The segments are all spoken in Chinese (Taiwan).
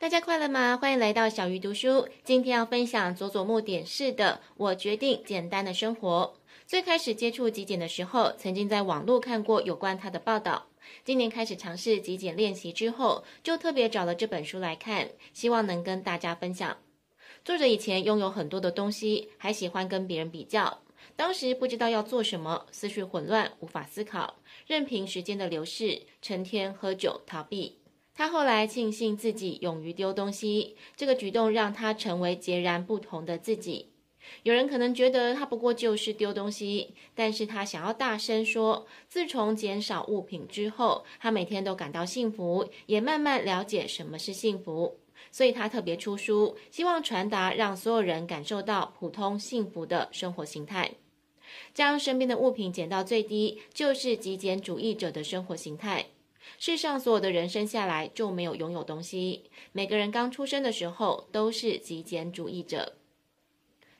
大家快樂嗎？歡迎來到小魚讀書。今天要分享佐佐木典士的《我決定簡單的生活》。最開始接觸極簡的時候，曾經在網絡看過有關他的報道。今年開始嘗試極簡練習之後，就特別找了這本書來看，希望能跟大家分享。作者以前擁有很多的東西，還喜歡跟別人比較。當時不知道要做什麼，思緒混亂，無法思考，任憑時間的流逝，成天喝酒逃避。他後來慶幸自己勇於丟東西，這個舉動讓他成為截然不同的自己。有人可能覺得他不過就是丟東西，但是他想要大聲說：自從減少物品之後，他每天都感到幸福，也慢慢了解什麼是幸福。所以，他特別出書，希望傳達讓所有人感受到普通幸福的生活形態。將身邊的物品減到最低，就是極簡主義者的生活形態。世上所有的人生下來就沒有擁有東西，每個人剛出生的時候都是極簡主義者。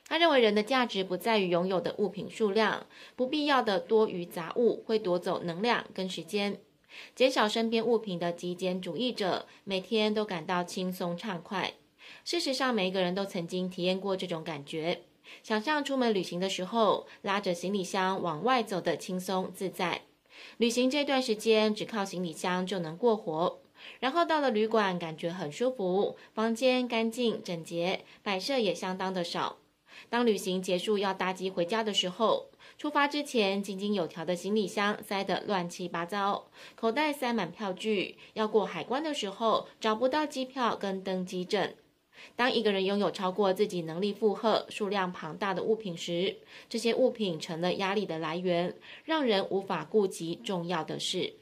他認為人的價值不在於擁有的物品數量，不必要的多餘雜物會奪走能量跟時間。減少身邊物品的極簡主義者，每天都感到輕鬆暢快。事實上，每一個人都曾經體驗過這種感覺。想象出門旅行的時候，拉着行李箱往外走的輕鬆自在。旅行這段時間只靠行李箱就能過活，然後到了旅館感覺很舒服，房間乾淨整潔，擺設也相當的少。當旅行結束要搭機回家的時候，出發之前井井有條的行李箱塞得亂七八糟，口袋塞滿票據，要過海關的時候找不到機票跟登機證。當一個人擁有超過自己能力負荷、數量龐大的物品時，這些物品成了壓力的來源，讓人無法顧及重要的事。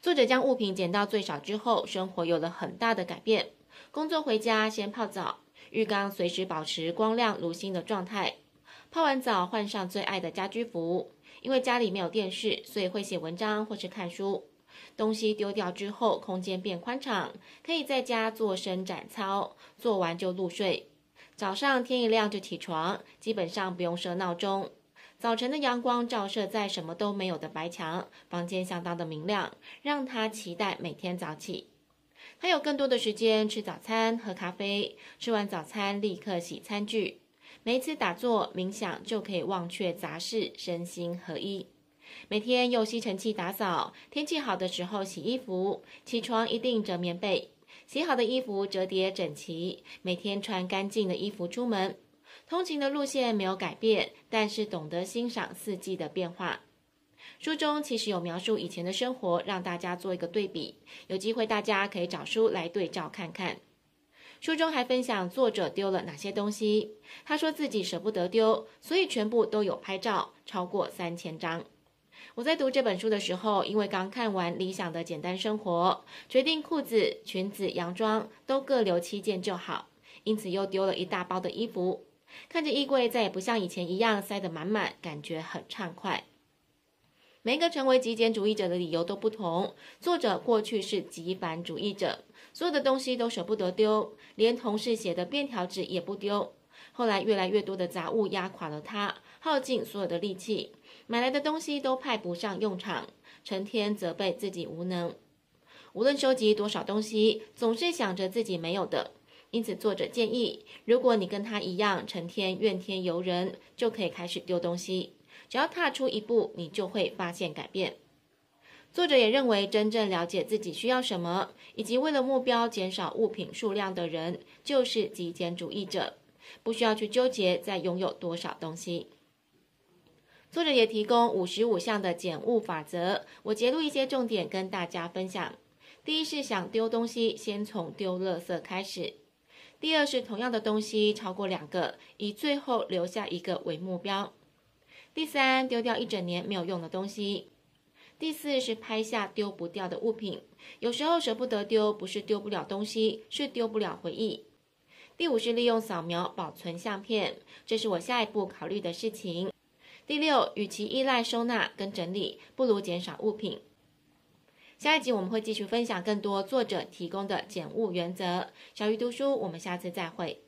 作者將物品減到最少之後，生活有了很大的改變。工作回家先泡澡，浴缸隨時保持光亮如新的狀態。泡完澡換上最愛的家居服，因為家裡沒有電視，所以會寫文章或是看書。東西丟掉之後，空間變寬敞，可以在家做伸展操，做完就入睡。早上天一亮就起床，基本上不用設鬧鐘。早晨的陽光照射在什麼都沒有的白牆，房間相當的明亮，讓他期待每天早起。他有更多的時間吃早餐、喝咖啡。吃完早餐立刻洗餐具。每一次打坐冥想，就可以忘卻雜事，身心合一。每天用吸塵器打掃，天氣好的時候洗衣服，起床一定折棉被，洗好的衣服折疊整齊，每天穿乾淨的衣服出門。通勤的路線沒有改變，但是懂得欣賞四季的變化。書中其實有描述以前的生活，讓大家做一個對比。有機會大家可以找書來對照看看。書中還分享作者丟了哪些東西，他說自己捨不得丟，所以全部都有拍照，超過三千張。我在讀這本書的時候，因為剛看完《理想的簡單生活》，決定褲子、裙子、洋裝都各留七件就好，因此又丟了一大包的衣服。看着衣櫃再也不像以前一樣塞得滿滿，感覺很暢快。每一個成為極簡主義者的理由都不同。作者過去是極繁主義者，所有的東西都捨不得丟，連同事寫的便條紙也不丟。後來，越來越多的雜物壓垮了他，耗盡所有的力氣，買來的東西都派不上用場，成天責備自己無能。無論收集多少東西，總是想着自己沒有的。因此，作者建議，如果你跟他一樣成天怨天尤人，就可以開始丟東西。只要踏出一步，你就會發現改變。作者也認為，真正了解自己需要什麼，以及為了目標減少物品數量的人，就是極簡主義者。不需要去糾結再擁有多少東西。作者也提供五十五項的減物法則，我節錄一些重點跟大家分享。第一是想丟東西，先從丟垃圾開始。第二是同樣的東西超過兩個，以最後留下一個為目標。第三，丟掉一整年沒有用的東西。第四是拍下丟不掉的物品。有時候捨不得丟，不是丟不了東西，是丟不了回憶。第五是利用掃描保存相片，這是我下一步考慮的事情。第六，與其依賴收納跟整理，不如減少物品。下一集我們會繼續分享更多作者提供的減物原則。小魚讀書，我們下次再會。